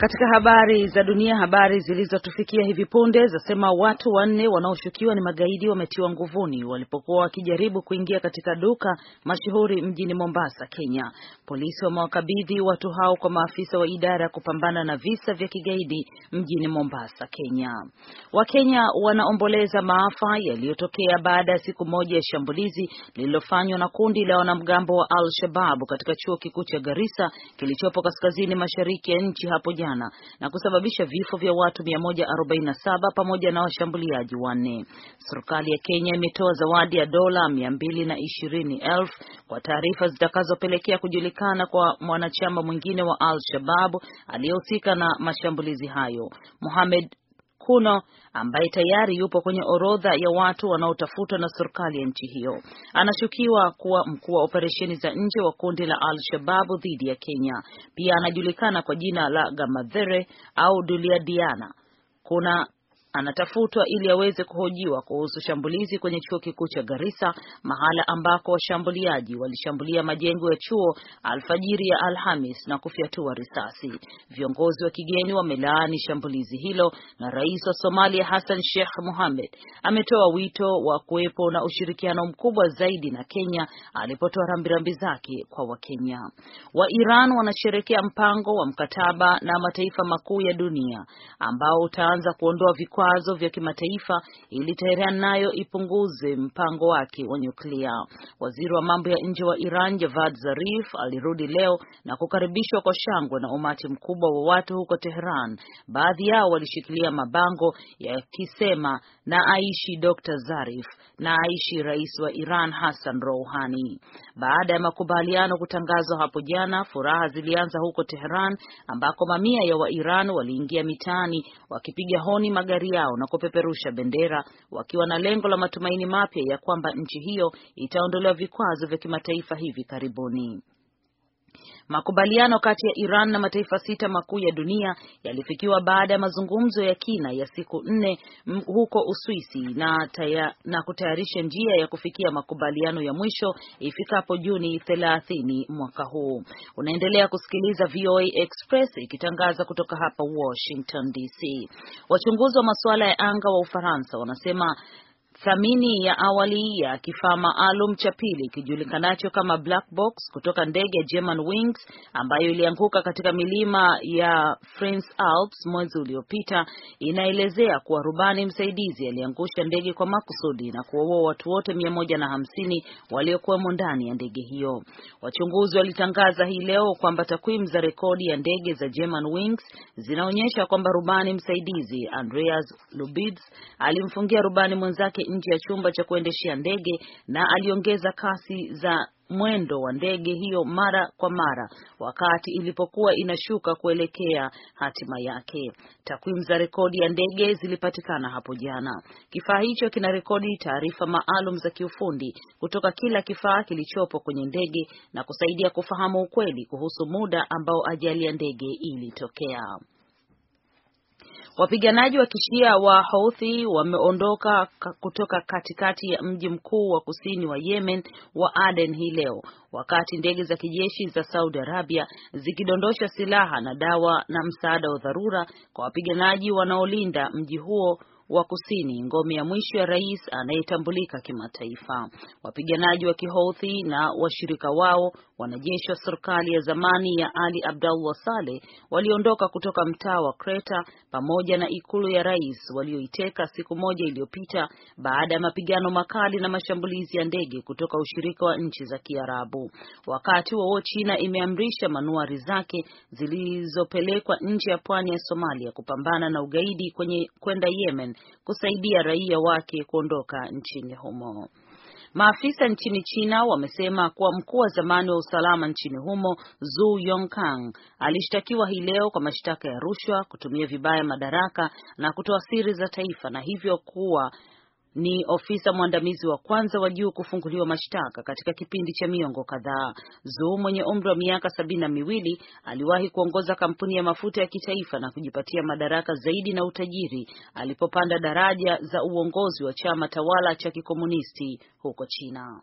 Katika habari za dunia, habari zilizotufikia hivi punde zasema watu wanne wanaoshukiwa ni magaidi wametiwa nguvuni walipokuwa wakijaribu kuingia katika duka mashuhuri mjini Mombasa, Kenya. Polisi wamewakabidhi watu hao kwa maafisa wa idara ya kupambana na visa vya kigaidi mjini Mombasa, Kenya. Wakenya wanaomboleza maafa yaliyotokea baada ya siku moja ya shambulizi lililofanywa na kundi la wanamgambo wa al shababu katika chuo kikuu cha Garissa kilichopo kaskazini mashariki ya nchi hapo jana na kusababisha vifo vya watu 147 pamoja na washambuliaji wanne. Serikali ya Kenya imetoa zawadi ya dola 220,000 kwa taarifa zitakazopelekea kujulikana kwa mwanachama mwingine wa Al-Shabaab aliyehusika na mashambulizi hayo. Mohamed Kuno ambaye tayari yupo kwenye orodha ya watu wanaotafutwa na serikali ya nchi hiyo. Anashukiwa kuwa mkuu wa operesheni za nje wa kundi la Al-Shababu dhidi ya Kenya. Pia anajulikana kwa jina la Gamadhere au dulia diana Kuna anatafutwa ili aweze kuhojiwa kuhusu shambulizi kwenye chuo kikuu cha Garissa, mahala ambako washambuliaji walishambulia majengo ya chuo alfajiri ya Alhamis na kufyatua risasi. Viongozi wa kigeni wamelaani shambulizi hilo, na rais wa Somalia Hassan Sheikh Mohamed ametoa wito wa kuwepo na ushirikiano mkubwa zaidi na Kenya alipotoa rambirambi zake kwa Wakenya. Wa Iran wanasherekea mpango wa mkataba na mataifa makuu ya dunia ambao utaanza kuondoa vikwazo vikwazo vya kimataifa ili Teheran nayo ipunguze mpango wake wa nyuklia. Waziri wa mambo ya nje wa Iran Javad Zarif alirudi leo na kukaribishwa kwa shangwe na umati mkubwa wa watu huko Teheran. Baadhi yao walishikilia mabango yakisema na aishi Dr. Zarif na aishi rais wa Iran Hassan Rouhani. Baada ya makubaliano kutangazwa hapo jana, furaha zilianza huko Teheran ambako mamia ya Wairan waliingia mitaani wakipiga honi magari yao na kupeperusha bendera wakiwa na lengo la matumaini mapya ya kwamba nchi hiyo itaondolewa vikwazo vya kimataifa hivi karibuni. Makubaliano kati ya Iran na mataifa sita makuu ya dunia yalifikiwa baada ya mazungumzo ya kina ya siku nne huko Uswisi na, taya, na kutayarisha njia ya kufikia makubaliano ya mwisho ifikapo Juni 30 mwaka huu. Unaendelea kusikiliza VOA Express ikitangaza kutoka hapa Washington DC. Wachunguzi wa masuala ya anga wa Ufaransa wanasema Thamini ya awali ya kifaa maalum cha pili kijulikanacho kama black box kutoka ndege ya Wings ambayo ilianguka katika milima ya France Alps mwezi uliopita inaelezea kuwa rubani msaidizi aliangusha ndege kwa makusudi na kuwaua watu wote hamsini waliokuwemo ndani ya ndege hiyo. Wachunguzi walitangaza hii leo kwamba takwimu za rekodi ya ndege za german Wings zinaonyesha kwamba rubani msaidizi Andreas Lubitz alimfungia rubani mwenzake nje ya chumba cha kuendeshea ndege na aliongeza kasi za mwendo wa ndege hiyo mara kwa mara wakati ilipokuwa inashuka kuelekea hatima yake. Takwimu za rekodi ya ndege zilipatikana hapo jana. Kifaa hicho kina rekodi taarifa maalum za kiufundi kutoka kila kifaa kilichopo kwenye ndege na kusaidia kufahamu ukweli kuhusu muda ambao ajali ya ndege ilitokea. Wapiganaji wa kishia wa Houthi wameondoka kutoka katikati ya mji mkuu wa kusini wa Yemen wa Aden hii leo, wakati ndege za kijeshi za Saudi Arabia zikidondosha silaha na dawa na msaada wa dharura kwa wapiganaji wanaolinda mji huo wa Kusini, ngome ya mwisho ya rais anayetambulika kimataifa. Wapiganaji wa Kihouthi na washirika wao, wanajeshi wa serikali ya zamani ya Ali Abdullah Saleh, waliondoka kutoka mtaa wa Kreta pamoja na ikulu ya rais walioiteka siku moja iliyopita baada ya mapigano makali na mashambulizi ya ndege kutoka ushirika wa nchi za Kiarabu. Wakati huo China imeamrisha manuari zake zilizopelekwa nje ya pwani ya Somalia kupambana na ugaidi kwenye kwenda Yemen kusaidia raia wake kuondoka nchini humo. Maafisa nchini China wamesema kuwa mkuu wa zamani wa usalama nchini humo Zhu Yongkang alishtakiwa hii leo kwa mashtaka ya rushwa, kutumia vibaya madaraka na kutoa siri za taifa na hivyo kuwa ni ofisa mwandamizi wa kwanza wa juu kufunguliwa mashtaka katika kipindi cha miongo kadhaa. zu mwenye umri wa miaka sabini na miwili aliwahi kuongoza kampuni ya mafuta ya kitaifa na kujipatia madaraka zaidi na utajiri alipopanda daraja za uongozi wa chama tawala cha kikomunisti huko China.